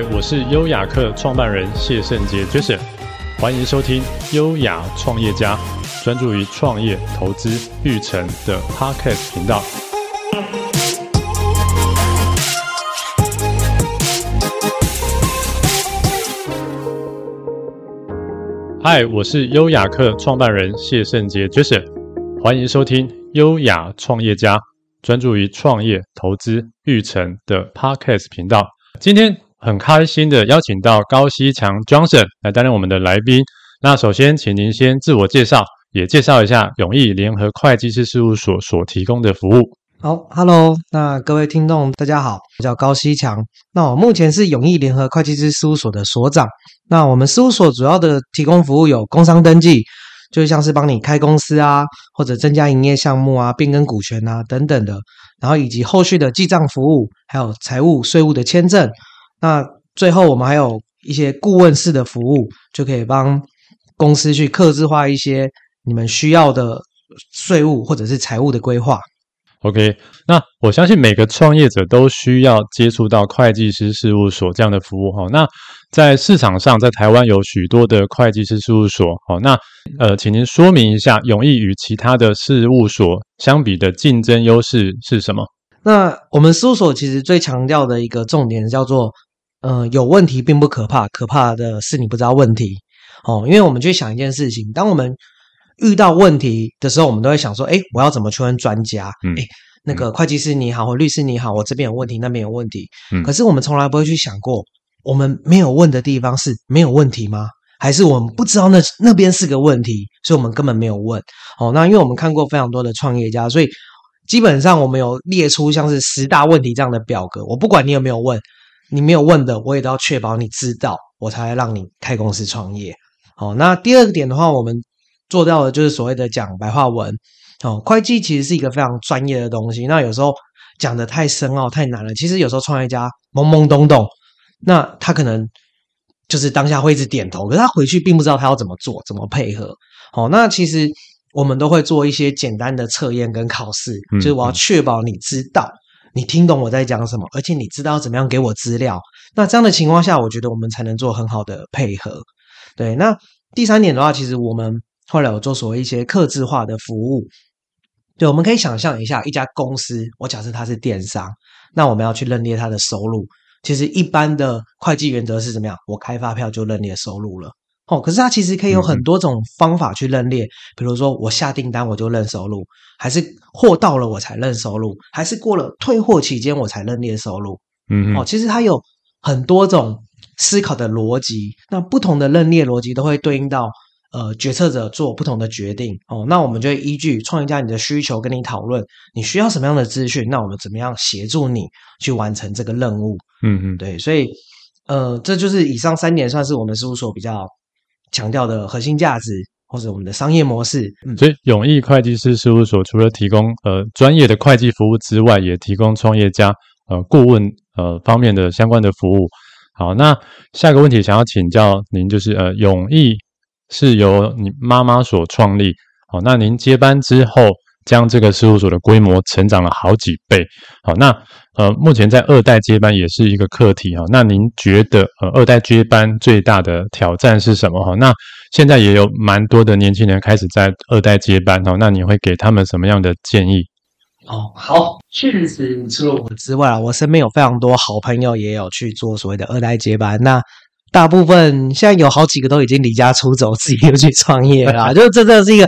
Hi, 我是優雅客創辦人謝勝傑 Jason，歡迎收聽《優雅創業家》，專注於創業、投資、育成的 Podcast 頻道。嗨，我是優雅客創辦人謝勝傑 Jason，歡迎收聽《優雅創業家》，專注於創業、投資、育成的 Podcast 頻道。今天，很開心的邀請到高希強 Johnson 來擔任我們的來賓。那首先，請您先自我介紹，也介紹一下永逸聯合會計師事務所所提供的服務。好，oh，Hello，那各位聽眾大家好，我叫高希強。那我目前是永逸聯合會計師事務所的所長。那我們事務所主要的提供服務有工商登記，就像是幫你開公司啊，或者增加營業項目啊、變更股權啊等等的，然後以及後續的記賬服務，還有財務、稅務的簽證。那最後，我們還有一些顧問式的服務，就可以幫公司去客制化一些你們需要的稅務或者是財務的規劃。OK，那我相信每個創業者都需要接觸到會計師事務所這樣的服務哈。那在市場上，在台灣有許多的會計師事務所。好，那呃，請您說明一下永逸與其他的事務所相比的競爭優勢是什麼？那我們事務所其實最強調的一個重點叫做。嗯、呃，有問題並不可怕，可怕的是你不知道問題哦。因為我們去想一件事情，當我們遇到問題的時候，我們都會想說：“哎，我要怎麼去問專家？”嗯，哎，那個會計師你好、嗯，或律師你好，我這邊有問題，那邊有問題、嗯。可是我們從來不會去想過，我們沒有問的地方是沒有問題嗎？還是我們不知道那那邊是個問題，所以我們根本沒有問？哦，那因為我們看過非常多的創業家，所以基本上我們有列出像是十大問題這樣的表格。我不管你有沒有問。你沒有問的，我也都要確保你知道，我才會讓你開公司創業。好、嗯哦，那第二個點的話，我們做到的就是所謂的講白話文。哦，會計其實是一個非常專業的東西，那有時候講的太深奧、哦、太難了。其實有時候創業家懵懵懂懂，那他可能就是當下會一直點頭，可是他回去並不知道他要怎麼做、怎麼配合。好、哦，那其實我們都會做一些簡單的測驗跟考試，嗯嗯，就是我要確保你知道。你聽懂我在講什麼？而且你知道怎麼樣給我資料？那這樣的情況下，我覺得我們才能做很好的配合。對，那第三點的話，其實我們後來有做所謂一些客製化的服務。對，我們可以想象一下，一家公司，我假設它是電商，那我們要去認列它的收入。其實一般的會計原則是怎麼樣？我開發票就認列收入了。哦，可是它其實可以有很多種方法去認列，嗯，比如說我下訂單我就認收入，還是貨到了我才認收入，還是過了退貨期間我才認列收入。嗯，哦，其實它有很多種思考的邏輯，那不同的認列邏輯都會對應到呃決策者做不同的決定。哦，那我們就會依據創業家你的需求跟你討論，你需要什麼樣的資訊？那我們怎麼樣協助你去完成這個任務？嗯嗯，對，所以呃，這就是以上三點，算是我們事務所比較。強調的核心價值，或者我們的商業模式。嗯，所以永逸會計師事務所除了提供呃專業的會計服務之外，也提供創業家呃顧問呃方面的相關的服務。好，那下個問題想要請教您，就是呃永逸是由你媽媽所創立，好，那您接班之後。將這個事務所的規模成長了好幾倍，好，那呃，目前在二代接班也是一個課題啊、哦。那您覺得呃，二代接班最大的挑戰是什麼？哈、哦，那現在也有蠻多的年輕人開始在二代接班哦。那你會給他們什麼樣的建議？哦，好，確實，除了我之外，我身邊有非常多好朋友也有去做所謂的二代接班。那大部分現在有好幾個都已經離家出走，自己又去創業了， 就這真的是一個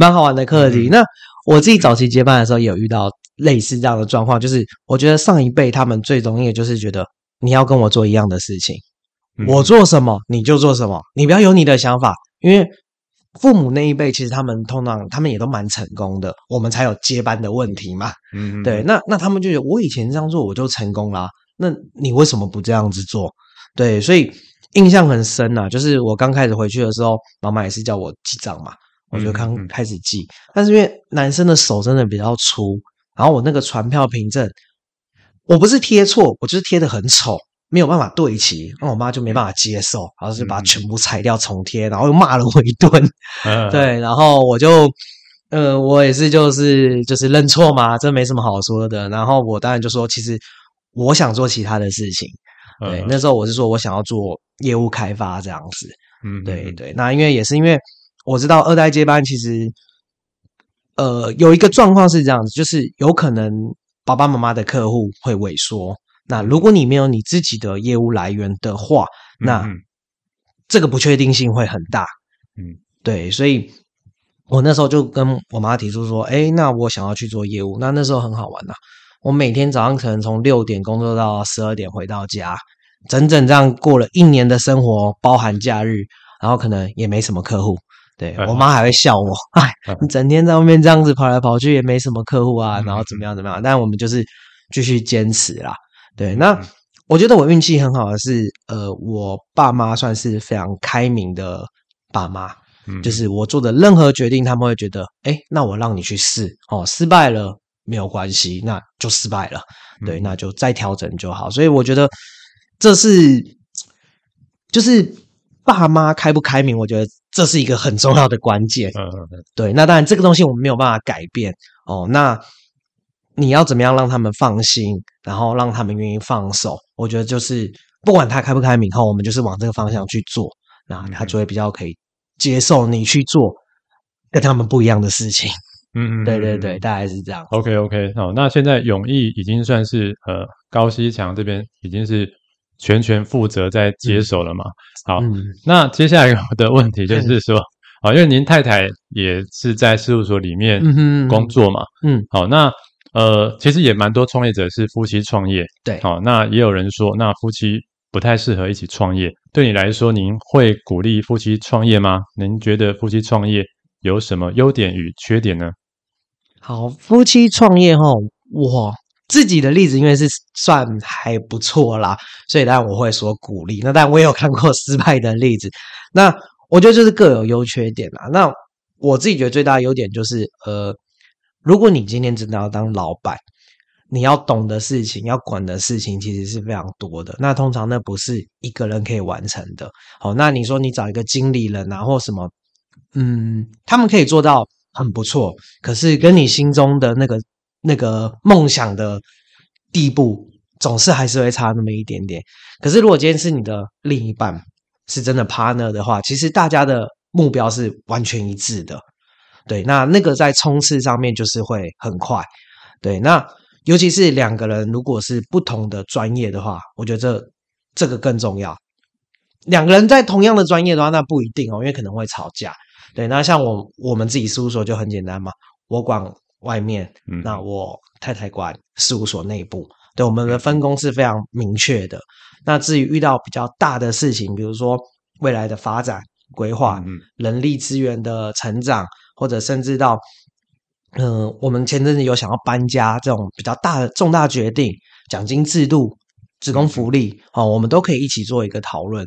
蠻好玩的課題。嗯、那我自己早期接班的時候，也有遇到類似這樣的狀況。就是我覺得上一輩他們最容易就是覺得你要跟我做一樣的事情，我做什麼你就做什麼，你不要有你的想法。因為父母那一輩其實他們通常他們也都蠻成功的，我們才有接班的問題嘛。嗯，對。那那他們就覺得我以前這樣做我就成功啦啊，那你為什麼不這樣子做？對，所以印象很深啊。就是我剛開始回去的時候，媽媽也是叫我記賬嘛。我就剛開始記、嗯嗯，但是因為男生的手真的比較粗，然後我那個傳票憑證，我不是貼錯，我就是貼得很醜，沒有辦法對齊，那我媽就沒辦法接受，然後就把全部裁掉重貼、嗯，然後又罵了我一頓、啊。對，然後我就，呃，我也是就是就是認錯嘛，這沒什麼好說的。然後我當然就說，其實我想做其他的事情。啊、對，那時候我是說我想要做業務開發這樣子。嗯，對嗯對，對，那因為也是因為。我知道二代接班其實，呃，有一個狀況是這樣子，就是有可能爸爸媽媽的客戶會萎縮。那如果你沒有你自己的業務來源的話，那這個不確定性會很大。嗯，對，所以我那時候就跟我媽提出說：“哎，那我想要去做業務。”那那時候很好玩吶，啊，我每天早上可能從六點工作到十二點回到家，整整這樣過了一年的生活，包含假日，然後可能也沒什麼客戶。對，我媽還會笑我，哎，你整天在外面這樣子跑來跑去，也沒什麼客戶啊、嗯，然後怎麼樣怎麼樣？但我們就是繼續堅持啦。對，那、嗯、我覺得我運氣很好的是，呃，我爸媽算是非常開明的爸媽，嗯、就是我做的任何決定，他們會覺得，哎，那我讓你去試，哦，失敗了沒有關係，那就失敗了、嗯，對，那就再調整就好。所以我覺得這是就是。爸媽開不開明，我覺得這是一個很重要的關鍵。嗯嗯嗯。對，那當然這個東西我們沒有辦法改變哦。那你要怎麼樣讓他們放心，然後讓他們願意放手？我覺得就是不管他開不開明後，我們就是往這個方向去做，然後他就會比較可以接受你去做跟他們不一樣的事情。嗯嗯，嗯，嗯、對對對，大概是這樣。OK OK，好，那現在永逸已經算是呃高希強這邊已經是。全權負責在接手了嘛？嗯、好、嗯，那接下來我的問題就是說，啊、嗯，因為您太太也是在事務所裡面工作嘛，嗯，嗯嗯好，那呃，其實也蠻多創業者是夫妻創業，對，好，那也有人說，那夫妻不太適合一起創業，對你來說，您會鼓勵夫妻創業嗎？您覺得夫妻創業有什麼優點與缺點呢？好，夫妻創業齁，我。自己的例子因為是算還不錯啦，所以當然我會說鼓勵。那當然我也有看過失敗的例子。那我覺得就是各有優缺點啦。那我自己覺得最大的優點就是，呃，如果你今天真的要當老闆，你要懂的事情、要管的事情其實是非常多的。那通常那不是一個人可以完成的。好，那你說你找一個經理人啊，或什麼，嗯，他們可以做到很不錯。可是跟你心中的那個。那個夢想的地步，總是還是會差那麼一點點。可是，如果今天是你的另一半是真的 partner 的話，其實大家的目標是完全一致的。對，那那個在衝刺上面就是會很快。對，那尤其是兩個人如果是不同的專業的話，我覺得這這個更重要。兩個人在同樣的專業的話，那不一定哦，因為可能會吵架。對，那像我我們自己事務所就很簡單嘛，我管。外面，嗯，那我太太管事務所內部，嗯、對，我們的分工是非常明確的。那至於遇到比較大的事情，比如說未來的發展規劃、嗯，人力資源的成長，或者甚至到嗯、呃，我們前陣子有想要搬家這種比較大的重大決定，獎金制度、職工福利啊、哦，我們都可以一起做一個討論。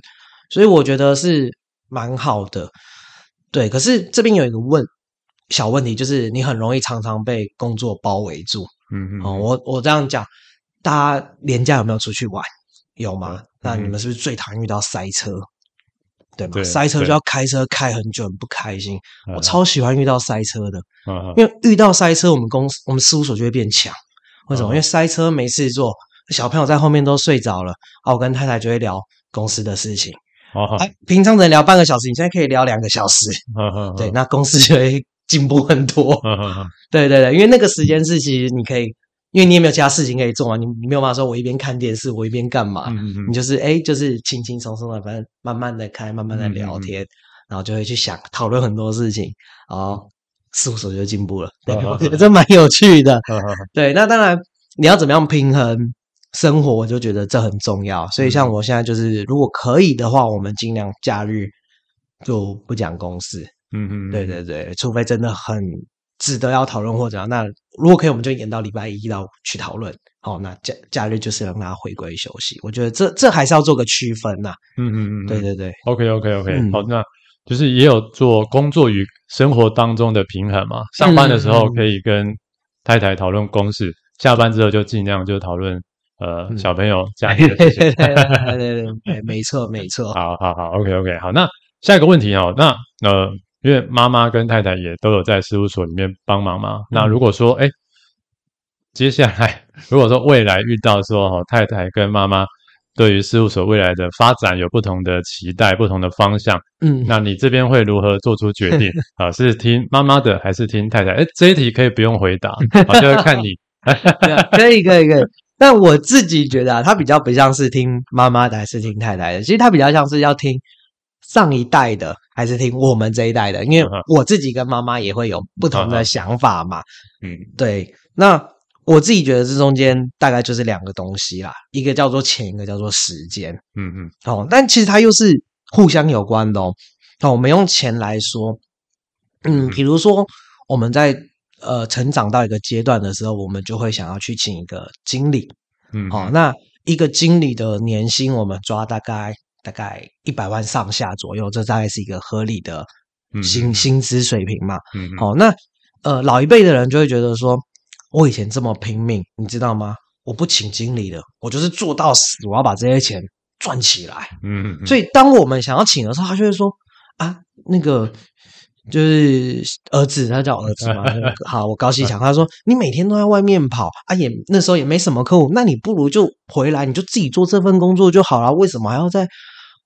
所以我覺得是蠻好的。對，可是這邊有一個問。小問題就是你很容易常常被工作包圍住。嗯嗯、哦。我我這樣講，大家年假有沒有出去玩？有嗎？嗯、那你們是不是最討厭遇到塞車？對嗎？對塞車就要開車開很久，很不開心。我超喜歡遇到塞車的，嗯、因為遇到塞車，我們公我們事務所就會變強。為什麼、嗯？因為塞車沒事做，小朋友在後面都睡着了。啊，我跟太太就會聊公司的事情。哦、嗯。哎、啊，平常只能聊半個小時，你現在可以聊兩個小時、嗯。對，那公司就會、嗯。進步很多，對對對，因為那個時間是其實你可以，因為你也沒有其他事情可以做嘛，你沒有辦法說我一邊看電視，我一邊幹嘛、嗯，你就是哎、欸，就是輕輕鬆鬆的，反正慢慢的開，慢慢的聊天，嗯、然後就會去想討論很多事情，然後事務所就進步了，對，嗯、這蠻有趣的、嗯，對。那當然你要怎麼樣平衡生活，我就覺得這很重要，所以像我現在就是，嗯、如果可以的話，我們盡量假日就不講公事。嗯嗯，對對對，除非真的很值得要討論，或者那如果可以，我們就延到禮拜一到去討論。好、哦，那假假日就是讓他回歸休息。我覺得這這還是要做個區分吶、啊。嗯哼嗯哼嗯，對對對。OK OK OK，、嗯、好，那就是也有做工作與生活當中的平衡嘛。上班的時候可以跟太太討論公事，嗯、下班之後就儘量就討論呃、嗯、小朋友假日那些。哎、對，對，對對對， 哎、沒錯沒錯。好好好，OK OK，好，那下一個問題啊、哦，那呃。因為媽媽跟太太也都有在事務所裡面幫忙嘛。那如果說哎，接下來如果說未來遇到說候，太太跟媽媽對於事務所未來的發展有不同的期待、不同的方向，嗯，那你這邊會如何做出決定？呵呵啊，是聽媽媽的還是聽太太？哎，這一題可以不用回答，好就要看你。可以可以可以。可以可以 但我自己覺得啊，它比較不像是聽媽媽的還是聽太太的。其實它比較像是要聽。上一代的還是聽我們這一代的，因為我自己跟媽媽也會有不同的想法嘛，嗯。嗯，對。那我自己覺得這中間大概就是兩個東西啦，一個叫做錢，一個叫做時間。嗯嗯。哦，但其實它又是互相有關的哦。那、哦、我們用錢來說，嗯，比如說我們在呃成長到一個階段的時候，我們就會想要去請一個經理。嗯。哦，那一個經理的年薪，我們抓大概。大概一百萬上下左右，這大概是一個合理的薪、嗯、薪資水平嘛。嗯，好、哦，那呃老一輩的人就會覺得說，我以前這麼拼命，你知道嗎？我不請經理的，我就是做到死，我要把這些錢賺起來。嗯，所以當我們想要請的時候，他就會說啊，那個就是兒子，他叫我兒子嘛。 好，我高希強。想他說你每天都在外面跑，啊也，也那時候也沒什麼客戶，那你不如就回來，你就自己做這份工作就好了，為什麼還要再？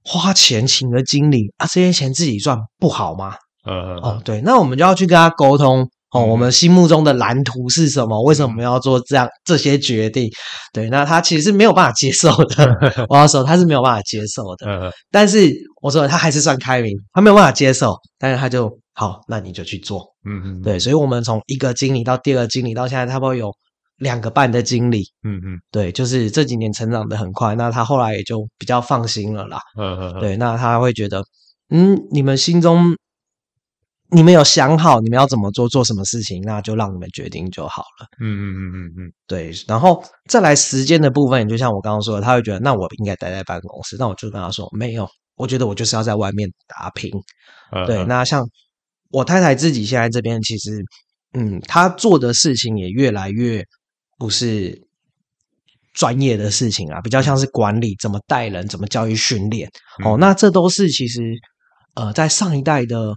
花錢請個經理啊，這些錢自己賺不好嗎？嗯，嗯哦，對，那我們就要去跟他溝通哦、嗯，我們心目中的藍圖是什麼？為什麼我們要做這樣這些決定？對，那他其實是沒有辦法接受的。嗯、我要說他是沒有辦法接受的，嗯嗯嗯、但是我說他還是算開明，他沒有辦法接受，但是他就好，那你就去做。嗯嗯，對，所以我們從一個經理到第二個經理到現在，差不多有。兩個半的經歷，嗯嗯，對，就是這幾年成長得很快，那他後來也就比較放心了啦，嗯嗯，對，那他會覺得，嗯，你們心中你們有想好你們要怎麼做，做什麼事情，那就讓你們決定就好了，嗯嗯嗯嗯嗯，對，然後再來時間的部分，就像我剛剛說的，他會覺得，那我應該待在辦公室，那我就跟他說，沒有，我覺得我就是要在外面打拼，嗯、對，那像我太太自己現在這邊，其實，嗯，她做的事情也越來越。不是專業的事情啊，比較像是管理怎麼帶人、怎麼教育訓練、嗯、哦。那這都是其實呃，在上一代的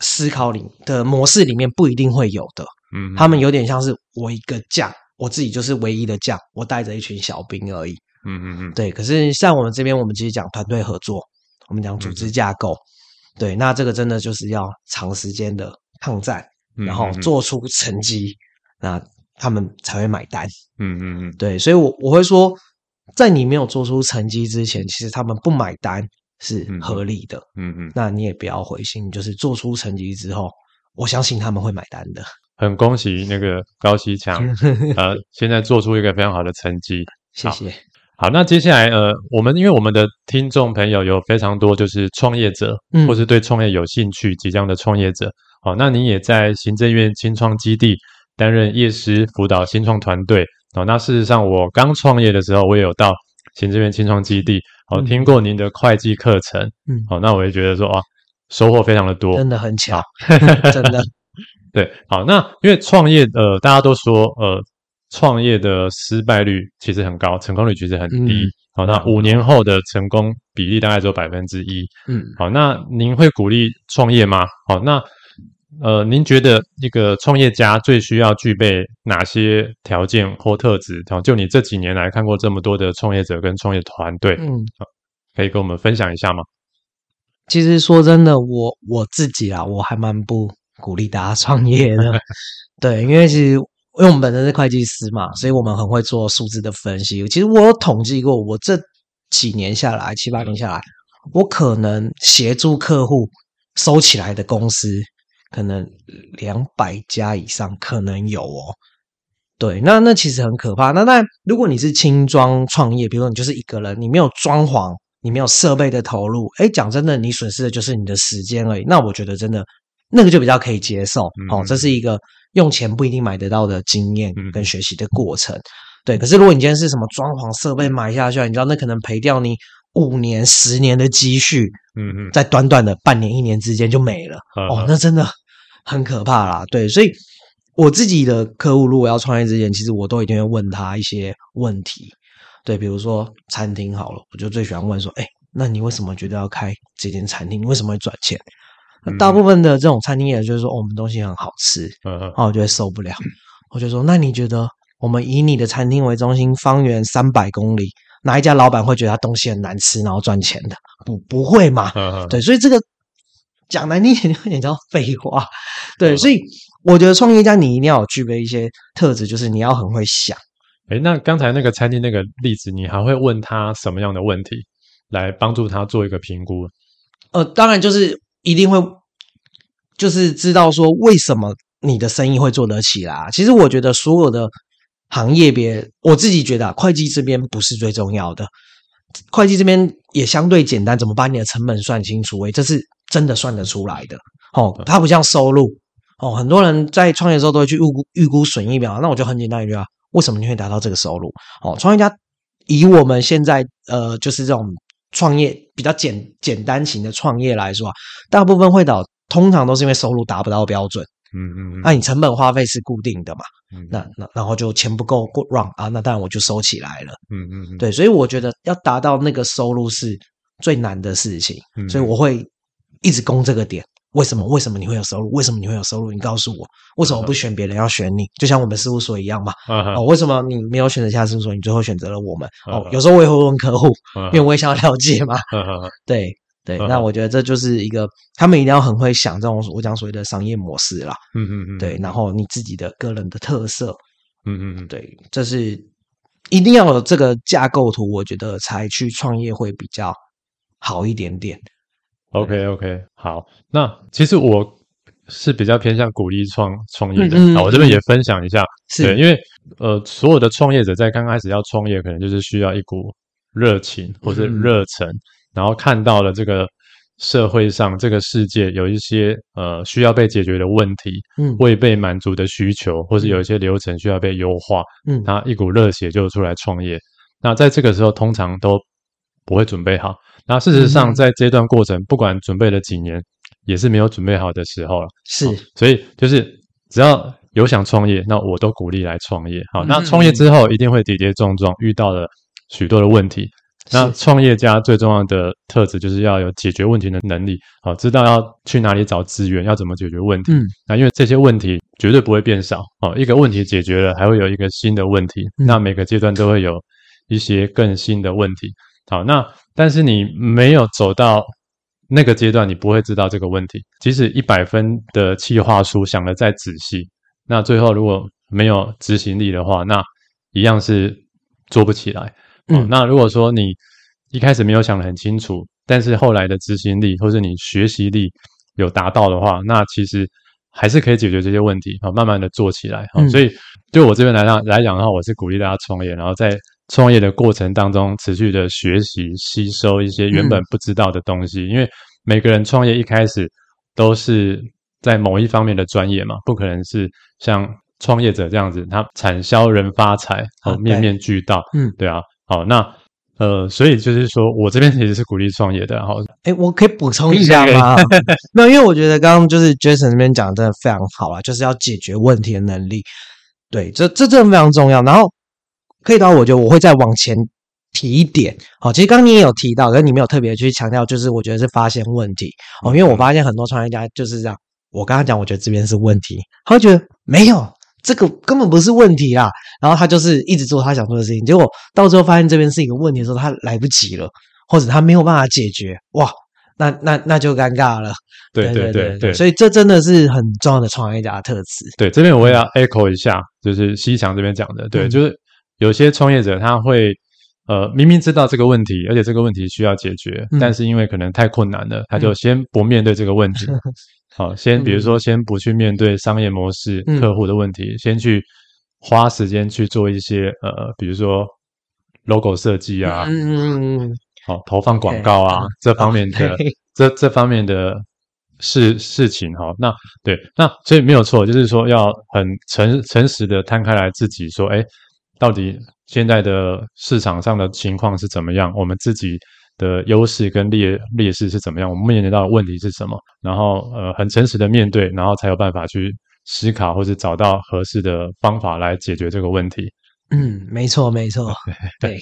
思考裡、的模式裡面不一定會有的。嗯，他們有點像是我一個將，我自己就是唯一的將，我帶着一群小兵而已。嗯嗯嗯，對。可是像我們這邊，我們其實講團隊合作，我們講組織架構、嗯，對，那這個真的就是要長時間的抗戰，然後做出成績、嗯。那他們才會買單，嗯嗯嗯，對，所以我，我我會說，在你沒有做出成績之前，其實他們不買單是合理的，嗯嗯，那你也不要灰心。就是做出成績之後，我相信他們會買單的。很恭喜那個高希強， 呃，現在做出一個非常好的成績， 哦、謝謝，好。好，那接下來呃，我們因為我們的聽眾朋友有非常多，就是創業者、嗯，或是對創業有興趣，即將的創業者，嗯、哦，那你也在行政院新創基地。擔任業師輔導新創團隊哦，那事實上我剛創業的時候，我也有到行政院青創基地，好、哦、聽過您的會計課程，嗯，好、哦，那我也覺得說啊、哦，收穫非常的多，真的很巧，啊、 真的， 對，好，那因為創業呃，大家都說呃，創業的失敗率其實很高，成功率其實很低，好、嗯哦，那五年後的成功比例大概只有百分之一，嗯，好、哦，那您會鼓勵創業嗎？好、哦，那。呃，您覺得一個創業家最需要具備哪些條件或特質？就你這幾年來看過這麼多的創業者跟創業團隊，嗯，可以跟我們分享一下嗎？其實說真的，我我自己啊，我還蠻不鼓勵大家創業的， 對，因為其實因為我們本身是會計師嘛，所以我們很會做數字的分析。其實我有統計過，我這幾年下來，七八年下來，我可能協助客戶收起來的公司。可能兩百家以上，可能有哦。對，那那其實很可怕。那那如果你是輕裝創業，比如說你就是一個人，你沒有裝潢，你沒有設備的投入，誒、欸、講真的，你損失的就是你的時間而已。那我覺得真的那個就比較可以接受。好、哦，這是一個用錢不一定買得到的經驗跟學習的過程。對，可是如果你今天是什麼裝潢設備買下去，你知道那可能賠掉你五年、十年的積蓄，嗯嗯，在短短的半年、一年之間就沒了、嗯，哦，那真的很可怕啦。對，所以我自己的客戶如果要創業之前，其實我都一定會問他一些問題，對，比如說餐廳好了，我就最喜歡問說，哎，那你為什麼覺得要開這間餐廳？你為什麼會賺錢？嗯、那大部分的這種餐廳也就是說，哦、我們東西很好吃，嗯嗯，啊、哦，我覺得受不了、嗯，我就說，那你覺得我們以你的餐廳為中心，方圓三百公里？哪一家老闆會覺得他東西很難吃，然後賺錢的？不不會嘛，呵呵。對，所以這個講難聽一點叫廢話。對、嗯，所以我覺得創業家你一定要有具備一些特質，就是你要很會想。誒，那剛才那個餐廳那個例子，你還會問他什麼樣的問題來幫助他做一個評估？呃，當然就是一定會，就是知道說為什麼你的生意會做得起啦。其實我覺得所有的。行業別，我自己覺得啊，會計這邊不是最重要的，會計這邊也相對簡單，怎麼把你的成本算清楚、欸？哎，這是真的算得出來的哦。它不像收入哦，很多人在創業的時候都會去預估、預估損益表。那我就很簡單一句啊，為什麼你會達到這個收入？哦，創業家以我們現在呃，就是這種創業比較簡簡單型的創業來說啊，大部分會倒通常都是因為收入達不到標準。嗯嗯嗯，那你成本花費是固定的嘛？嗯，那那然後就錢不夠過 run 啊，那當然我就收起來了。嗯嗯嗯，對，所以我覺得要達到那個收入是最難的事情。嗯，所以我會一直攻這個點。為什麼？為什麼你會有收入？為什麼你會有收入？你告訴我，為什麼不選別人要選你？啊？就像我們事務所一樣嘛。哦、啊啊，為什麼你沒有選擇其他事務所，你最後選擇了我們？哦、啊啊啊，有時候我也會問客戶，因為我也想要了解嘛。啊啊、對。對，那我覺得這就是一個，嗯、他們一定要很會想這種我講所謂的商業模式啦。嗯嗯嗯。對，然後你自己的個人的特色。嗯嗯嗯。對，這是一定要有這個架構圖，我覺得才去創業會比較好一點點。OK OK，好，那其實我是比較偏向鼓勵創創業的。嗯嗯嗯。好，我這邊也分享一下，是對，因為呃，所有的創業者在剛開始要創業，可能就是需要一股熱情或者是熱忱。嗯然後看到了這個社會上、這個世界有一些呃需要被解決的問題，嗯，未被滿足的需求，或是有一些流程需要被優化，嗯，那一股熱血就出來創業。那在這個時候，通常都不會準備好。那事實上，嗯嗯在這段過程，不管準備了幾年，也是沒有準備好的時候了。是，所以就是只要有想創業，那我都鼓勵來創業。好，那創業之後嗯嗯一定會跌跌撞撞，遇到了許多的問題。那創業家最重要的特質就是要有解決問題的能力，好，知道要去哪裡找資源，要怎麼解決問題。嗯，那因為這些問題絕對不會變少，哦，一個問題解決了，還會有一個新的問題，那每個階段都會有一些更新的問題。好，那但是你沒有走到那個階段，你不會知道這個問題。即使一百分的企劃書想得再仔細，那最後如果沒有執行力的話，那一樣是做不起來。嗯、哦，那如果說你一開始沒有想得很清楚，但是後來的執行力或是你學習力有達到的話，那其實還是可以解決這些問題。好、哦，慢慢的做起來。好、哦嗯，所以對我這邊來來來講的話，我是鼓勵大家創業，然後在創業的過程當中持續的學習、吸收一些原本不知道的東西，嗯、因為每個人創業一開始都是在某一方面的專業嘛，不可能是像創業者這樣子，他產銷人發財哦好，面面俱到，嗯，對啊。好，那呃，所以就是說我這邊其實是鼓勵創業的。好，哎、欸，我可以補充一下嗎？沒有， 那因為我覺得剛剛就是 Jason 這邊講的真的非常好啊，就是要解決問題的能力，對，這這真的非常重要。然後可以的話，我覺得我會再往前提一點。好、哦，其實剛剛你也有提到，可是你沒有特別去強調，就是我覺得是發現問題哦、嗯，因為我發現很多創業家就是這樣。我剛剛講，我覺得這邊是問題，他會覺得沒有。這個根本不是問題啦，然後他就是一直做他想做的事情，結果到最後發現這邊是一個問題的時候，他來不及了，或者他沒有辦法解決，哇，那那那就尷尬了對對對對對。對對對對，所以這真的是很重要的創業家的特質。對，這邊我也要 echo 一下，就是希強這邊講的、嗯，對，就是有些創業者他會呃明明知道這個問題，而且這個問題需要解決，嗯、但是因為可能太困難了，他就先不面對這個問題。嗯 好，先比如說，先不去面對商業模式、客戶的問題、嗯，先去花時間去做一些、嗯、呃，比如說 logo 設計啊，好、嗯嗯，投放廣告啊，okay, 這方面的、okay. 這這方面的事、oh, okay. 這這方面的事，事情，哈，那對，那所以沒有錯，就是說要很誠誠實的攤開來自己說，哎，到底現在的市場上的情況是怎麼樣，我們自己。的優勢跟劣劣勢是怎麼樣？我們面臨到的問題是什麼？然後呃，很誠實的面對，然後才有辦法去思考，或者找到合適的方法來解決這個問題。嗯，沒錯，沒錯， 對，對。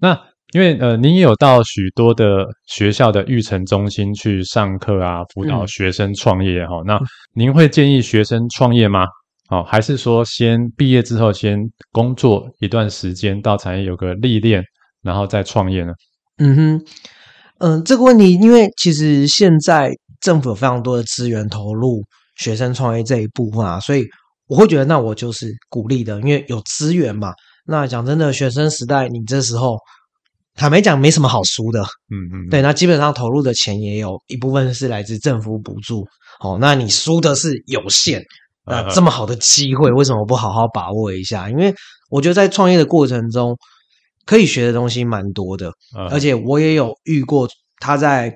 那因為呃，您也有到許多的學校的育成中心去上課啊，輔導學生創業哈、嗯哦。那您會建議學生創業嗎？哦，還是說先畢業之後先工作一段時間，到產業有個歷練，然後再創業呢？嗯哼，嗯、呃，這個問題，因為其實現在政府有非常多的資源投入學生創業這一部分啊，所以我會覺得那我就是鼓勵的，因為有資源嘛。那講真的，學生時代你這時候坦白講沒什麼好輸的，嗯嗯，對。那基本上投入的錢也有一部分是來自政府補助，哦，那你輸的是有限。那這麼好的機會，為什麼不好好把握一下？因為我覺得在創業的過程中，可以學的東西蠻多的，uh -huh. 而且我也有遇過他在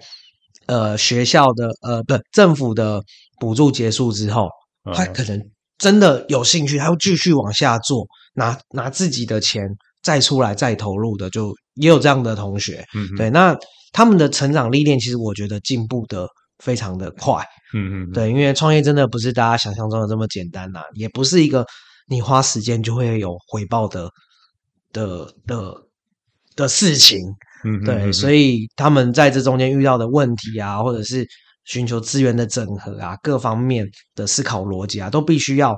呃學校的呃不政府的補助結束之後，他可能真的有興趣，他會繼續往下做，拿拿自己的錢再出來再投入的，就也有這樣的同學。Uh -huh. 對，那他們的成長歷練，其實我覺得進步得非常的快。嗯嗯，對，因為創業真的不是大家想象中的這麼簡單吶、啊，也不是一個你花時間就會有回報的的的的事情，嗯，對嗯嗯，所以他們在這中間遇到的問題啊，或者是尋求資源的整合啊，各方面的思考邏輯啊，都必須要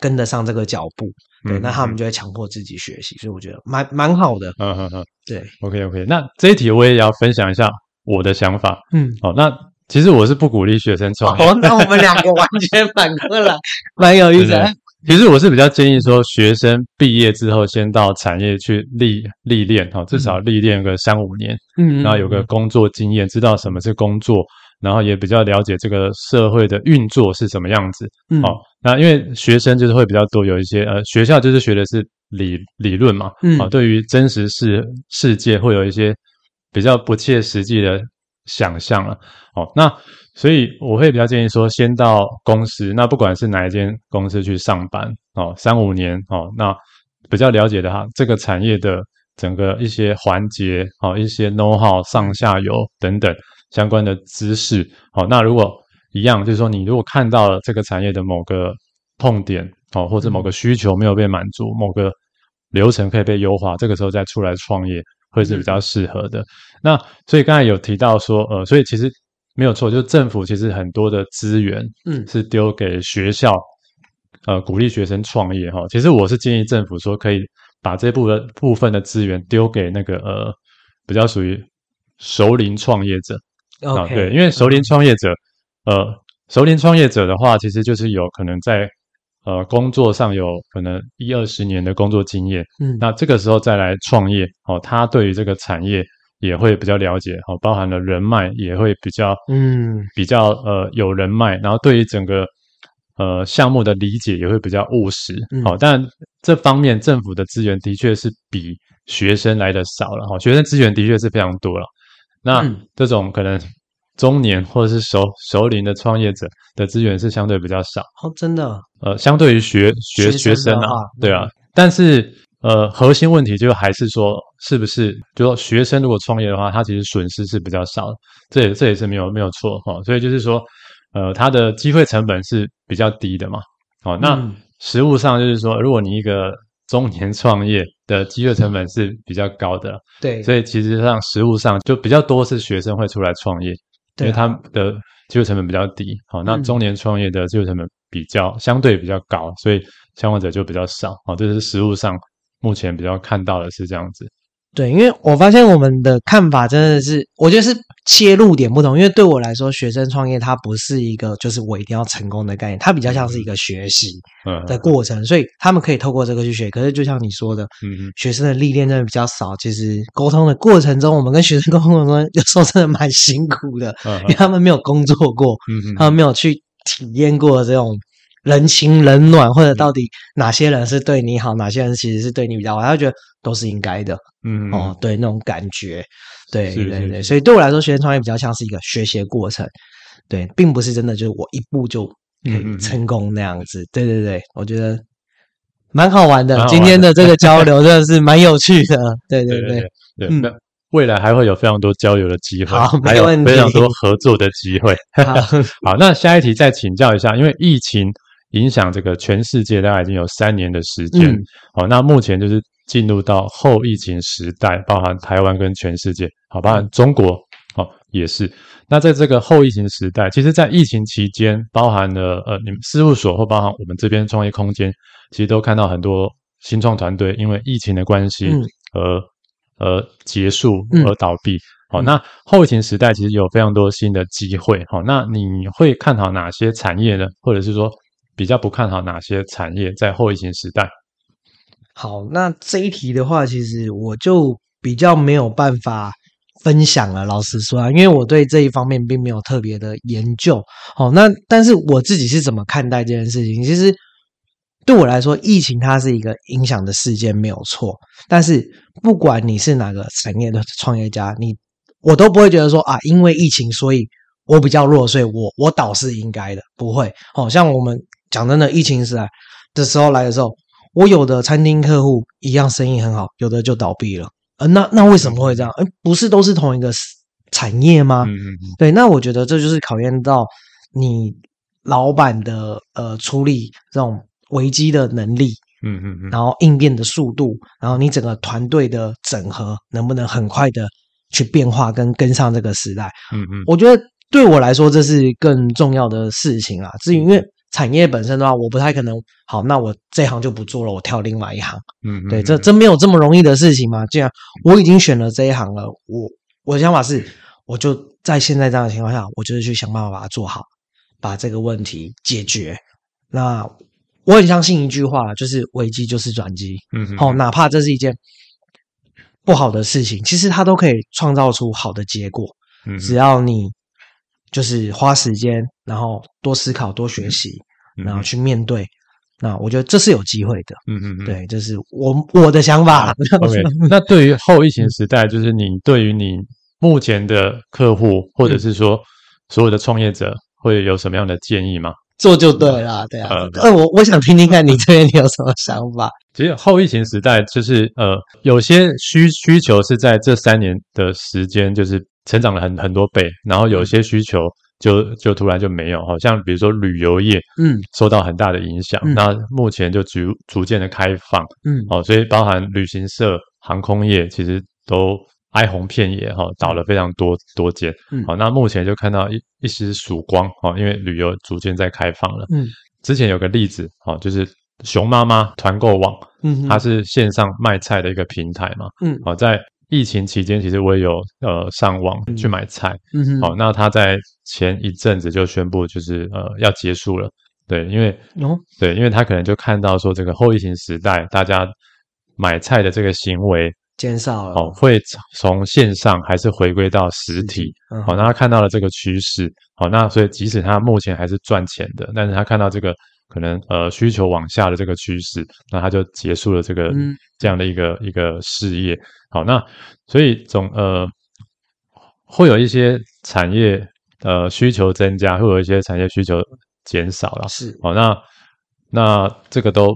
跟得上這個腳步，嗯、對、嗯，那他們就會強迫自己學習，所以我覺得蠻蠻好的，嗯嗯嗯，對，OK OK，那這一題我也要分享一下我的想法，嗯，好、哦，那其實我是不鼓勵學生創業，哦，那我們兩個完全反過了， 蠻有意思的是是。其實我是比較建議說，學生畢業之後先到產業去歷歷練哈，至少歷練個三五年，嗯，然後有個工作經驗，知道什麼是工作，嗯，然後也比較了解這個社會的運作是什麼樣子，嗯，哦，那因為學生就是會比較多有一些呃，學校就是學的是理理論嘛，啊，嗯哦，對於真實世世界會有一些比較不切實際的。想象了哦，那所以我會比較建議說，先到公司，那不管是哪一間公司去上班哦，三五年哦，那比較了解的話，這個產業的整個一些環節哦，一些 know how 上下游等等相關的知識哦，那如果一樣，就是說你如果看到了這個產業的某個痛點哦，或者某個需求沒有被滿足，某個流程可以被優化，這個時候再出來創業。會是比較適合的。嗯、那所以剛才有提到說，呃，所以其實沒有錯，就政府其實很多的資源，嗯，是丟給學校、嗯，呃，鼓勵學生創業哈。其實我是建議政府說，可以把這部分部分的資源丟給那個呃，比較屬於熟齡創業者 Okay, 啊，對，因為熟齡創業者、嗯，呃，熟齡創業者的話，其實就是有可能在。呃，工作上有可能一二十年的工作經驗，嗯，那這個時候再來創業，哦，他對於這個產業也會比較了解，哦，包含了人脈也會比較，嗯，比較呃有人脈，然後對於整個呃項目的理解也會比較務實，嗯，哦，但這方面政府的資源的確是比學生來得少了，哦，學生資源的確是非常多了，那，嗯，這種可能。中年或者是熟熟齡的創業者的資源是相對比較少哦，oh, 真的，呃，相對於學學學生,學生啊，對啊，但是呃，核心問題就還是說，是不是就說學生如果創業的話，他其實損失是比較少的，這也這也是沒有沒有錯哈、哦，所以就是說，呃，他的機會成本是比較低的嘛，哦，嗯、那實務上就是說，如果你一個中年創業的機會成本是比較高的，對、嗯，所以其實上實務上就比較多是學生會出來創業。因為他們的技術成本比較低，好、哦，那中年創業的技術成本比較、嗯、相對比較高，所以相關者就比較少，好、哦，這、就是實務上目前比較看到的是這樣子。對，因為我發現我們的看法真的是，我覺得是切入點不同。因為對我來說，學生創業它不是一個就是我一定要成功的概念，它比較像是一個學習的過程，所以他們可以透過這個去學。可是就像你說的，學生的歷練真的比較少。其實溝通的過程中，我們跟學生溝通的過程中，有時候真的蠻辛苦的，因為他們沒有工作過，他們沒有去體驗過這種。人情冷暖，或者到底哪些人是對你好，哪些人其實是對你比較好，他會覺得都是應該的。嗯，哦，對，那種感覺，對對對，對。所以對我來說，學生創業比較像是一個學習過程，對，並不是真的就是我一步就可以成功那樣子。嗯、對對對，我覺得蠻好，蠻好玩的。今天的這個交流真的是蠻有趣的。 對對對，對。嗯，未來還會有非常多交流的機會，好，沒問題，還有非常多合作的機會。好， 好，那下一題再請教一下，因為疫情。影響這個全世界，大概已經有三年的時間。好、嗯哦、那目前就是進入到後疫情時代，包含台灣跟全世界，好，包含中國、哦、也是。那在這個後疫情時代，其實，在疫情期間，包含了呃你們事務所，或包含我們這邊創業空間，其實都看到很多新創團隊因為疫情的關係而呃、嗯、結束而倒閉。好、嗯哦嗯，那後疫情時代其實有非常多新的機會。好、哦，那你會看好哪些產業呢？或者是說？比較不看好哪些產業在後疫情時代？好，那這一題的話，其實我就比較沒有辦法分享了。老實說，啊，因為我對這一方面並沒有特別的研究。哦，那但是我自己是怎麼看待這件事情？其實對我來說，疫情它是一個影響的事件，沒有錯。但是不管你是哪個產業的創業家，你我都不會覺得說啊，因為疫情，所以我比較弱，所以我我倒是應該的，不會。好，哦，像我們。講真的，疫情時代的時候來的時候，我有的餐廳客戶一樣生意很好，有的就倒閉了。呃，那那為什麼會這樣？誒，不是都是同一個產業嗎？嗯嗯嗯。對，那我覺得這就是考驗到你老板的呃處理這種危機的能力，嗯嗯嗯，然後應變的速度，然後你整個團隊的整合能不能很快的去變化跟跟上這個時代。嗯嗯，我覺得對我來說這是更重要的事情啊。至於因為。產業本身的話，我不太可能。好，那我這行就不做了，我跳另外一行。嗯哼嗯哼，對，這這沒有這麼容易的事情嘛，既然我已經選了這一行了，我我的想法是，我就在現在這樣的情況下，我就是去想辦法把它做好，把這個問題解決。那我很相信一句話，就是危機就是轉機。嗯哼，好，哪怕這是一件不好的事情，其實它都可以創造出好的結果。只要你。就是花時間，然後多思考、多學習，然後去面對。嗯、那我覺得這是有機會的。嗯嗯，嗯，對，這是我我的想法。嗯、OK， 那對於後疫情時代，就是你對於你目前的客戶，或者是說、嗯、所有的創業者，會有什麼樣的建議嗎？做就對了、嗯，對啊。呃，呃我我想聽聽看你這邊你有什麼想法。其實後疫情時代就是呃，有些需需求是在這三年的時間就是成長了很很多倍，然後有些需求就就突然就沒有好像比如說旅遊業，嗯，受到很大的影響，嗯、那目前就逐逐漸的開放，嗯，哦、呃，所以包含旅行社、航空業其實都。哀鴻遍野哈、哦，倒了非常多多間，好、嗯，哦，那目前就看到一一絲曙光哈、哦，因為旅遊逐漸在開放了。嗯，之前有個例子哈、哦，就是熊媽媽團購網，嗯，它是線上賣菜的一個平台嘛，嗯，好、哦，在疫情期間其實我也有呃上網去買菜，嗯，好、哦，那他在前一陣子就宣布就是呃要結束了，對，因為，哦、對，因為他可能就看到說這個後疫情時代大家買菜的這個行為。減少了哦，會從線上還是回歸到實體？好、嗯嗯哦，那他看到了這個趨勢，好、哦，那所以即使他目前還是賺錢的，但是他看到這個可能呃需求往下的這個趨勢，那他就結束了這個、嗯、這樣的一個一個事業。好、哦，那所以總呃會有一些產業呃需求增加，會有一些產業需求減少了，是好、哦，那那這個都。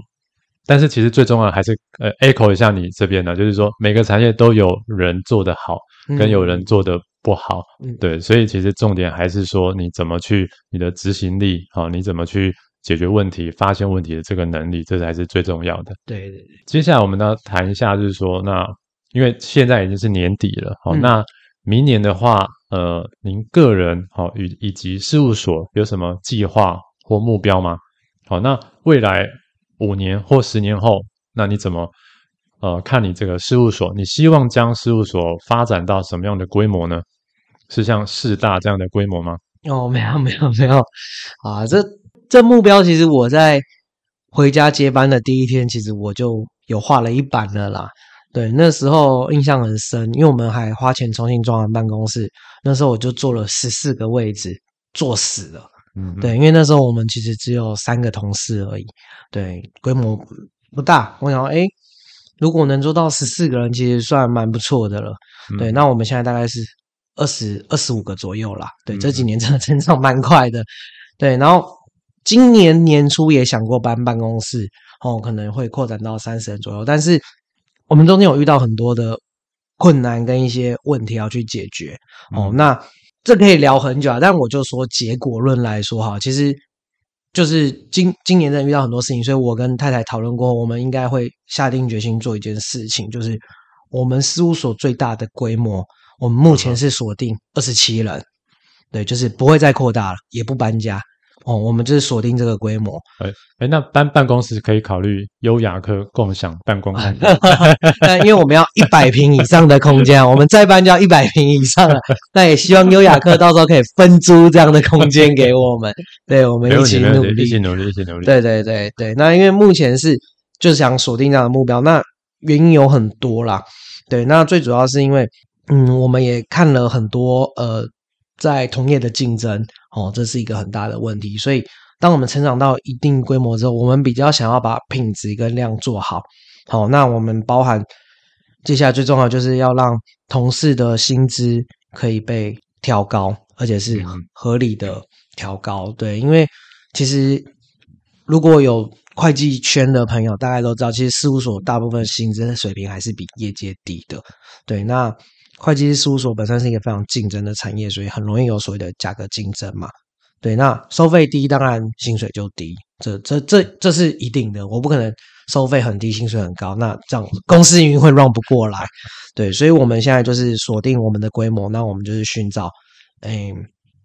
但是其實最重要還是呃 echo 一下你這邊的，就是說每個產業都有人做得好，嗯、跟有人做得不好、嗯，對，所以其實重點還是說你怎麼去你的執行力，好、哦，你怎麼去解決問題、發現問題的這個能力，這才是，是最重要的。對對對。接下來我們要談一下，就是說，那因為現在已經是年底了，好、哦嗯，那明年的話，呃，您個人好與、哦、以及事務所有什麼計劃或目標嗎？好、哦，那未來。五年或十年後，那你怎麼，呃，看你這個事務所，你希望將事務所發展到什麼樣的規模呢？是像四大這樣的規模嗎？哦，沒有，沒有，沒有，啊，這這目標其實我在回家接班的第一天，其實我就有畫了一版的啦。對，那時候印象很深，因為我們還花錢重新裝完辦公室，那時候我就坐了十四個位置，坐死了。嗯，對，因為那時候我們其實只有三個同事而已，對，規模不大。我想說、欸、如果能做到十四個人，其實算蠻不錯的了、嗯。對，那我們現在大概是二十二十五個左右啦。對，這幾年真的增長蠻快的、嗯。對，然後今年年初也想過搬辦公室，哦，可能會擴展到三十人左右。但是我們中間有遇到很多的困難跟一些問題要去解決。嗯、哦，那。這可以聊很久啊，但我就說結果論來說哈，其實就是今今年真遇到很多事情，所以我跟太太討論過，我們應該會下定決心做一件事情，就是我們事務所最大的規模，我們目前是鎖定二十七人、嗯，對，就是不會再擴大了，也不搬家。哦，我們就是鎖定這個規模。誒、欸、那搬辦公室可以考慮優雅客共享辦公室，啊、呵呵，但因為我們要一百坪以上的空間， 我們再搬就要一百坪以上了。那 也希望優雅客到時候可以分租這樣的空間給我們， 對，我們一起努力，一起努力，一起努力。對對對對，那因為目前是就是想鎖定這樣的目標，那原因有很多啦。對，那最主要是因為，嗯，我們也看了很多呃。在同業的競爭，哦，這是一個很大的問題。所以，當我們成長到一定規模之後，我們比較想要把品質跟量做好。好，哦，那我們包含接下來最重要的就是要讓同事的薪資可以被調高，而且是合理的調高。對，因為其實如果有會計圈的朋友大概都知道，其實事務所大部分薪資的水平還是比業界低的。對，那。會計師事務所本身是一個非常競爭的產業，所以很容易有所謂的價格競爭嘛。對，那收費低，當然薪水就低，這、這、這、這是一定的。我不可能收費很低，薪水很高。那這樣公司一定會讓不過來。對，所以我們現在就是鎖定我們的規模，那我們就是尋找，嗯、哎、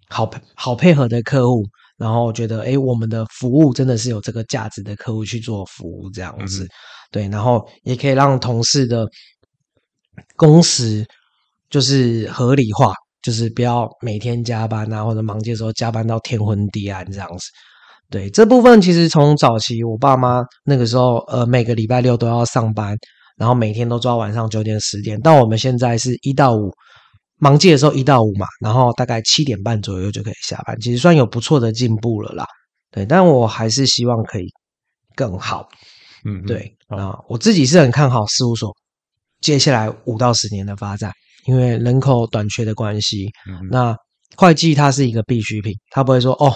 好好配合的客戶，然後覺得，哎，我們的服務真的是有這個價值的客戶去做服務這樣子。對，然後也可以讓同事的公司，就是合理化，就是不要每天加班啊，或者忙季的時候加班到天昏地暗這樣子。對，這部分，其實從早期我爸媽那個時候，呃，每個禮拜六都要上班，然後每天都抓晚上九點十點。到我們現在是一到五，忙季的時候一到五嘛，然後大概七點半左右就可以下班，其實算有不錯的進步了啦。對，但我還是希望可以更好。嗯，對啊，我自己是很看好事務所接下來五到十年的發展。因為人口短缺的關係，嗯、那會計它是一個必需品，它不會說哦，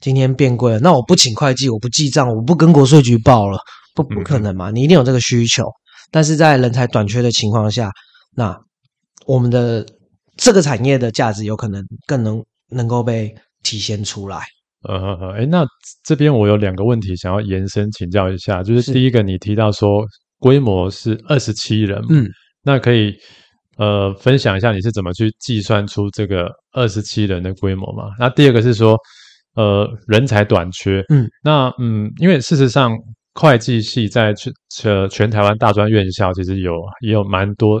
今天變貴了，那我不請會計，我不記賬，我不跟國稅局報了，不不可能嘛、嗯，你一定有這個需求。但是在人才短缺的情況下，那我們的這個產業的價值有可能更能能夠被體現出來。呃呃呃，哎，那這邊我有兩個問題想要延伸請教一下，就是第一個，你提到說規模是二十七人，嗯，那可以。呃，分享一下你是怎麼去計算出這個二十七人的規模嘛？那第二個是說，呃，人才短缺，嗯，那嗯，因為事實上，會計系在全、呃、全台灣大專院校其實有也有蠻多，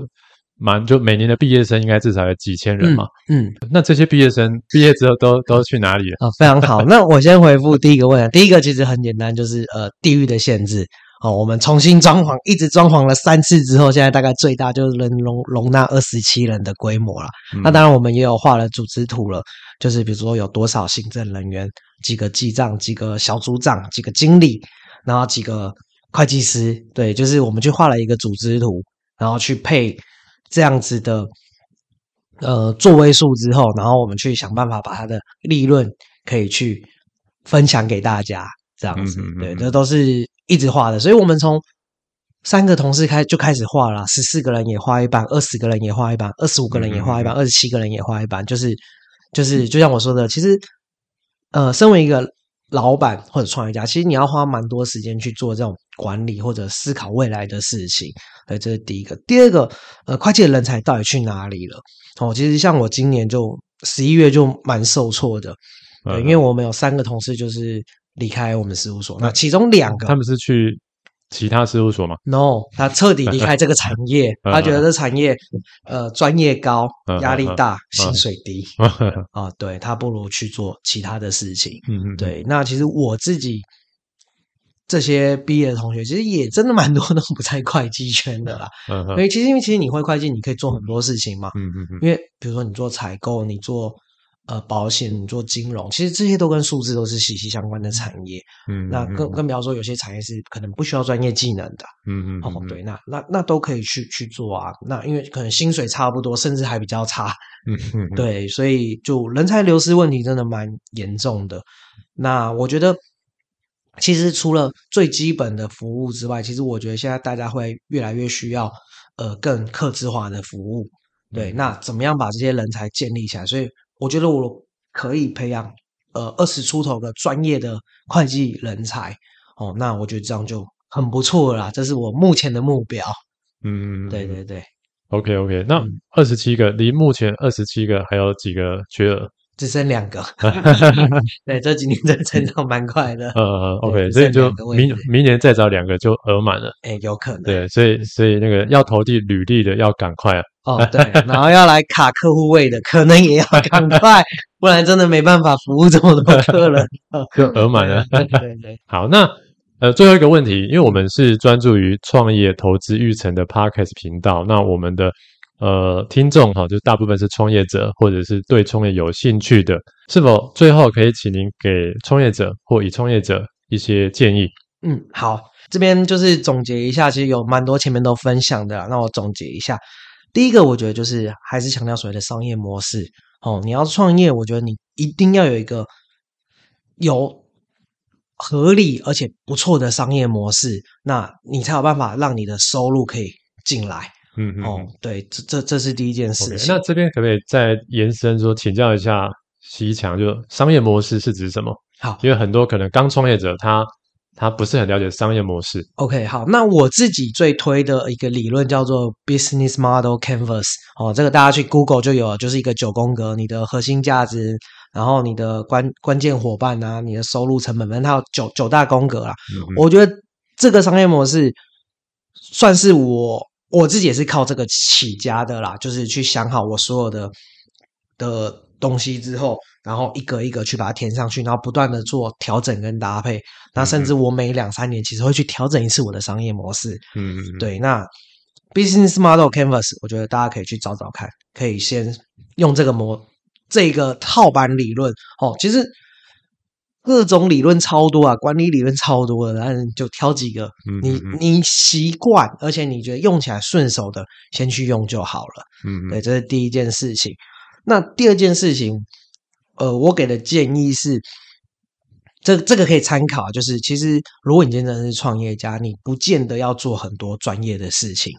蠻，就每年的畢業生應該至少有幾千人嘛，嗯，嗯那這些畢業生畢業之後都都去哪裡了？啊、哦，非常好， 那我先回復第一個問題，第一個其實很簡單，就是呃，地域的限制。哦，我們重新裝潢，一直裝潢了三次之後，現在大概最大就是能容容納二十七人的規模了。嗯。那當然，我們也有畫了組織圖了，就是比如說有多少行政人員，幾個記賬，幾個小組長，幾個經理，然後幾個會計師。對，就是我們去畫了一個組織圖，然後去配這樣子的呃，座位數之後，然後我們去想辦法把它的利潤可以去分享給大家，這樣子。嗯哼嗯哼對，這都是。一直畫的，所以我們從三個同事開就開始畫了，十四個人也畫一半，二十個人也畫一半，二十五個人也畫一半，二十七個人也畫一半。就是就是就像我說的，其實，呃，身為一個老闆或者創業家，其實你要花蠻多時間去做這種管理或者思考未來的事情，所以這、就是第一個。第二個，呃，會計的人才到底去哪裡了？哦，其實像我今年就十一月就蠻受挫的，嗯嗯，對，因為我們有三個同事就是。離開我們事務所，那其中兩個他們是去其他事務所嗎？No，他徹底離開這個產業， 他覺得這產業呃專業高、壓 力大、 薪水低啊、 呃，對他不如去做其他的事情。 對，那其實我自己這些畢業的同學，其實也真的蠻多都不在會計圈的啦。因 為其實因為其實你會會計，你可以做很多事情嘛。 因為比如說你做採購，你做。呃，保險做金融，其實這些都跟數字都是息息相關的產業。嗯，嗯，那更更比方說，有些產業是可能不需要專業技能的。嗯嗯，嗯、哦，對，那那那都可以去去做啊。那因為可能薪水差不多，甚至還比較差。嗯嗯，嗯，對，所以就人才流失問題真的蠻嚴重的。那我覺得，其實除了最基本的服務之外，其實我覺得現在大家會越來越需要呃更客制化的服務。對、嗯，那怎麼樣把這些人才建立起來？所以。我覺得我可以培養呃二十出頭的專業的會計人才哦，那我覺得這樣就很不錯了啦，這是我目前的目標。嗯，對對對，OK OK，那二十七個、嗯、離目前二十七個還有幾個缺額？只剩兩個 對，這幾年真的成長蠻快的。呃 OK 所以就明明年再找兩個就額滿了。哎、欸，有可能。對，所以所以那個要投遞履歷的要趕快啊。哦，對， 然後要來卡客戶位的可能也要趕快， 不然真的沒辦法服務這麼多客人了， 呵呵就額滿了。 對對,對,對。好，那呃，最後一個問題，因為我們是專注於創業投資育成的 Podcast 頻道，那我們的。呃，聽眾哈，就大部分是創業者或者是對創業有興趣的，是否最後可以請您給創業者或已創業者一些建議？嗯，好，這邊就是總結一下，其實有蠻多前面都分享的，那我總結一下，第一個我覺得就是還是強調所謂的商業模式哦，你要創業，我覺得你一定要有一個有合理而且不錯的商業模式，那你才有辦法讓你的收入可以進來。嗯，嗯，哦，對，這這這是第一件事情。Okay, 那這邊可不可以再延伸說，請教一下希強，就商業模式是指什麼？好，因為很多可能剛創業者他他不是很了解商業模式。OK，好，那我自己最推的一個理論叫做 Business Model Canvas。哦，這個大家去 Google 就有了，就是一個九宮格，你的核心價值，然後你的關關鍵夥伴吶、啊，你的收入成本，反正它有九九大宮格啊、嗯。我覺得這個商業模式算是我。我自己也是靠這個起家的啦，就是去想好我所有的的東西之後，然後一個一個去把它填上去，然後不斷的做調整跟搭配，那甚至我每兩三年其實會去調整一次我的商業模式。嗯嗯對，那 business model canvas 我覺得大家可以去找找看，可以先用這個模這個套版理論哦，其實。各種理論超多啊，管理理論超多的，然後就挑幾個，你你習慣，而且你覺得用起來順手的，先去用就好了。嗯，對，這是第一件事情。那第二件事情，呃，我給的建議是，這這個可以參考，就是其實如果你真的是創業家，你不見得要做很多專業的事情。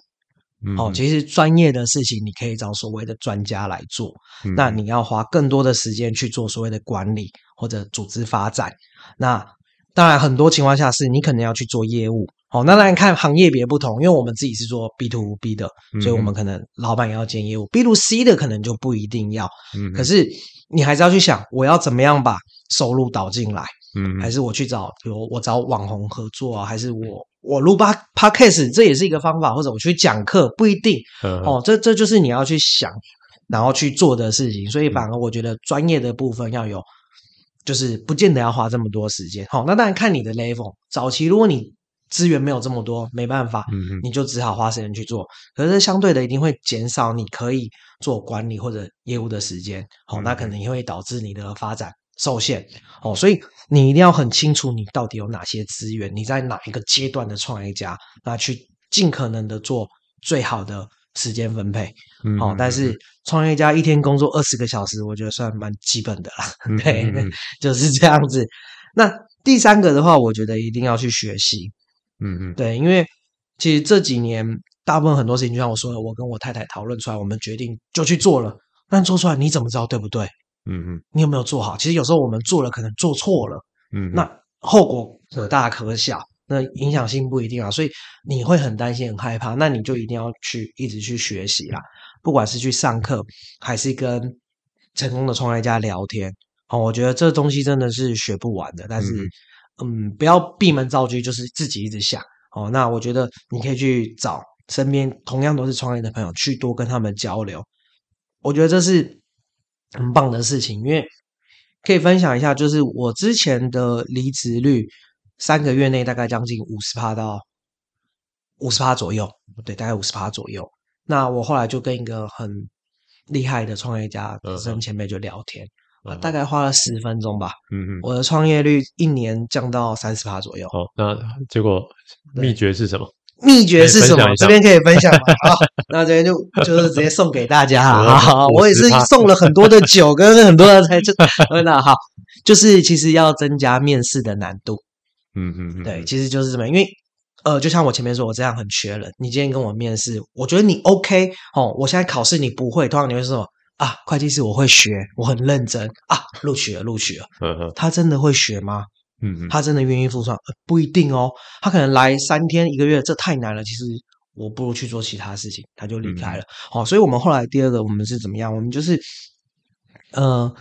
哦，其實專業的事情你可以找所謂的專家來做。嗯，那你要花更多的時間去做所謂的管理或者組織發展。那當然很多情況下是你可能要去做業務，哦，那當然看行業別不同，因為我們自己是做 B to B 的，嗯，所以我們可能老板也要兼業務，B to C 的可能就不一定要。嗯，可是你還是要去想，我要怎麼樣把收入導進來？嗯，還是我去找，比如我找網紅合作啊，還是我？我錄吧 podcast，這也是一個方法，或者我去講課，不一定。呵呵哦，這這就是你要去想，然後去做的事情。所以反而我覺得專業的部分要有，就是不見得要花這麼多時間。好、哦，那當然看你的 level。早期如果你資源沒有這麼多，沒辦法，你就只好花時間去做。可是相對的，一定會減少你可以做管理或者業務的時間。好、哦，那可能也會導致你的發展。受限哦，所以你一定要很清楚你到底有哪些資源，你在哪一個階段的創業家，那去盡可能的做最好的時間分配。哦，嗯嗯嗯。但是創業家一天工作二十個小時，我覺得算蠻基本的了。對，嗯嗯嗯，就是這樣子。那第三個的話，我覺得一定要去學習。嗯嗯，對，因為其實這幾年大部分很多事情，就像我說的，我跟我太太討論出來，我們決定就去做了。但做出來你怎麼知道對不對？嗯嗯，你有沒有做好？其實有時候我們做了，可能做錯了，嗯，那後果可大可小，那影響性不一定啊，所以你會很擔心、很害怕，那你就一定要去一直去學習啦。嗯，不管是去上課，還是跟成功的創業家聊天，哦，我覺得這東西真的是學不完的，但是，嗯，嗯，不要閉門造車，就是自己一直想，哦，那我覺得你可以去找身邊同樣都是創業的朋友，去多跟他們交流，我覺得這是。很棒的事情，因為可以分享一下，就是我之前的離職率三個月內大概將近五十趴到五十趴左右，對，大概五十趴左右。那我後來就跟一個很厲害的創業家資深前輩就聊天，嗯嗯啊，大概花了十分鐘吧。嗯嗯，嗯，我的創業率一年降到三十趴左右。好，哦，那結果秘訣是什麼？祕訣是什麼？這邊可以分享嗎？ 好。那這邊就就是直接送給大家哈。 我也是送了很多的酒跟很多的才。那 好，就是其實要增加面試的難度。嗯 嗯對，其實就是這麼，因為呃，就像我前面說，我這樣很缺人。你今天跟我面試，我覺得你 OK 哦。我現在考試你不會，通常你會說啊？會計師我會學，我很認真啊，錄取了，錄取了。 他真的會學嗎？嗯，他真的願意付上、欸，不一定哦，他可能來三天一個月，這太難了。其實我不如去做其他事情，他就離開了。好、嗯哦，所以我們後來第二個，我們是怎麼樣？我們就是，嗯、呃、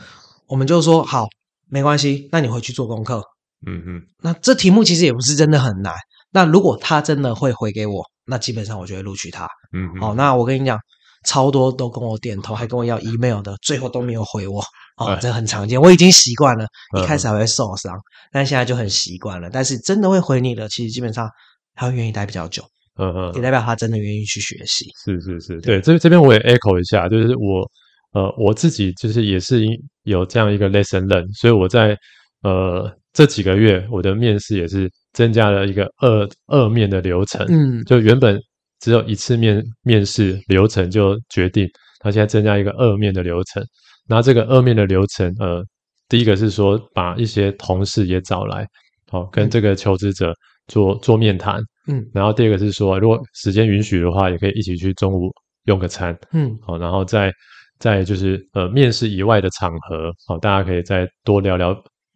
我們就說好，沒關係，那你回去做功課。嗯嗯，那這題目其實也不是真的很難。那如果他真的會回給我，那基本上我就會錄取他。嗯、好、哦，那我跟你講。超多都跟我點頭，還跟我要 email 的，最後都沒有回我。哦，這很常見，我已經習慣了、嗯。一開始還會受傷、嗯，但現在就很習慣了。但是真的會回你的，其實基本上他會願意待比較久，嗯嗯，也代表他真的願意去學習。是是是，對，對這這邊我也 echo 一下，就是我呃我自己就是也是有這樣一個 lesson learn。所以我在呃這幾個月我的面試也是增加了一個二二面的流程，嗯，就原本。只有一次面面試流程就決定，他現在增加一個二面的流程。那這個二面的流程，呃，第一個是說把一些同事也找來，好、哦、跟這個求職者做做面談，嗯，然後第二個是說，如果時間允許的話，也可以一起去中午用個餐，嗯，好、哦，然後在再在在就是呃面試以外的場合，好、哦，大家可以再多聊聊，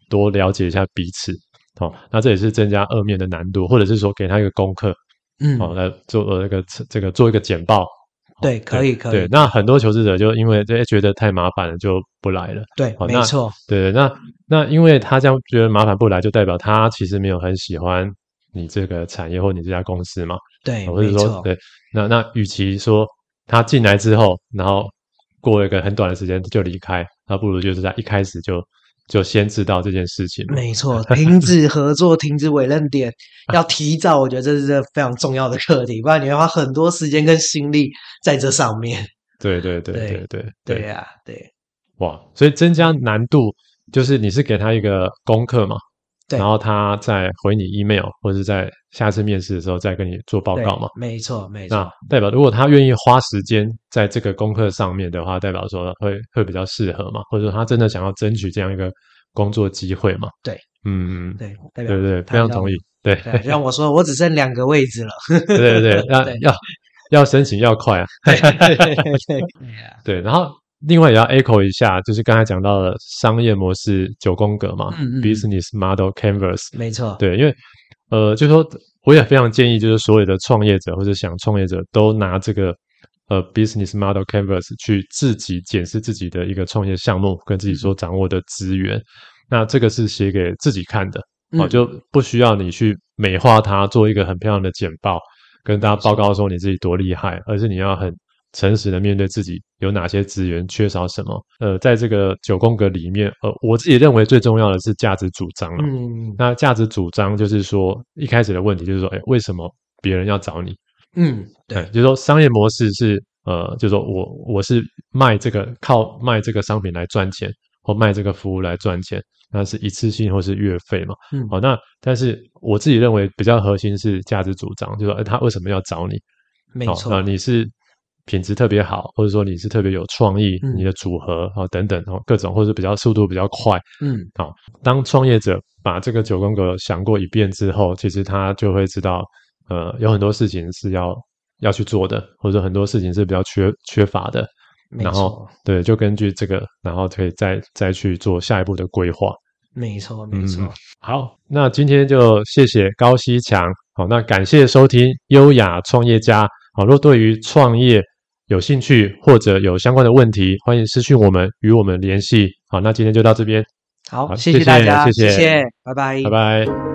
多了解一下彼此，好、哦，那這也是增加二面的難度，或者是說給他一個功課。嗯，好、哦、來做呃這個這個做一個簡報，哦、對，對，可以對，可以。那很多求職者就因為覺得太麻煩了，就不來了。對，哦、沒錯、嗯，對那那因為他這樣覺得麻煩不來，就代表他其實沒有很喜歡你這個產業或你這家公司嘛。對，我是說對。那那與其說他進來之後，然後過一個很短的時間就離開，那不如就是在一開始就。就先知道這件事情。沒錯，停止合作， 停止委任點，要提早。我覺得這是個非常重要的課題，不然你要花很多時間跟心力在這上面。嗯、對對對對對對呀、啊，對，哇，所以增加難度，就是你是給他一個功課嘛。對，然後他再回你 email 或者是在下次面試的時候再跟你做報告嘛？沒錯，沒錯。那代表如果他願意花時間在這個功課上面的話，代表說會會比較適合嘛？或者說他真的想要爭取這樣一個工作機會嘛？對，嗯，對，對對，非常同意。對，讓、啊、 我說，我只剩兩個位置了。 對對對，要 要 要申請要快啊！ 對啊，對，然後。另外也要 echo 一下，就是剛才講到的商業模式九宮格嘛，嗯嗯，business model canvas，沒錯，對，因為呃，就說我也非常建議，就是所有的創業者或者想創業者都拿這個呃 business model canvas 去自己檢視自己的一個創業項目跟自己所掌握的資源。嗯、那這個是寫給自己看的，啊、嗯，就不需要你去美化它，做一個很漂亮的簡報，跟大家報告說你自己多厲害，嗯、而是你要很。誠實的面對自己有哪些資源，缺少什麼？呃，在這個九宮格裡面，呃，我自己認為最重要的是價值主張了、啊。嗯，那價值主張就是說，一開始的問題就是說，哎，為什麼別人要找你？嗯，對，哎、就是說商業模式是呃，就是說我我是賣這個靠賣這個商品來賺錢，或賣這個服務來賺錢，那是一次性或是月費嘛？嗯，好、哦，那但是我自己認為比較核心是價值主張，就是說、哎、他為什麼要找你？沒錯，哦、你是。品質特別好，或者說你是特別有創意、嗯，你的組合啊、哦、等等啊、哦、各種，或者比較速度比較快，嗯、好、哦，當創業者把這個九宮格想過一遍之後，其實他就會知道，呃，有很多事情是要要去做的，或者很多事情是比較缺缺乏的，然後對，就根據這個，然後可以再再去做下一步的規劃。沒錯，沒錯、嗯。好，那今天就謝謝高希強，好、哦，那感謝收聽《優雅創業家》哦，好，若對於創業。有興趣或者有相關的問題，歡迎私訊我們與我們聯繫。好，那今天就到這邊。好，好謝謝，謝，謝大家謝謝，謝謝，拜拜，拜拜。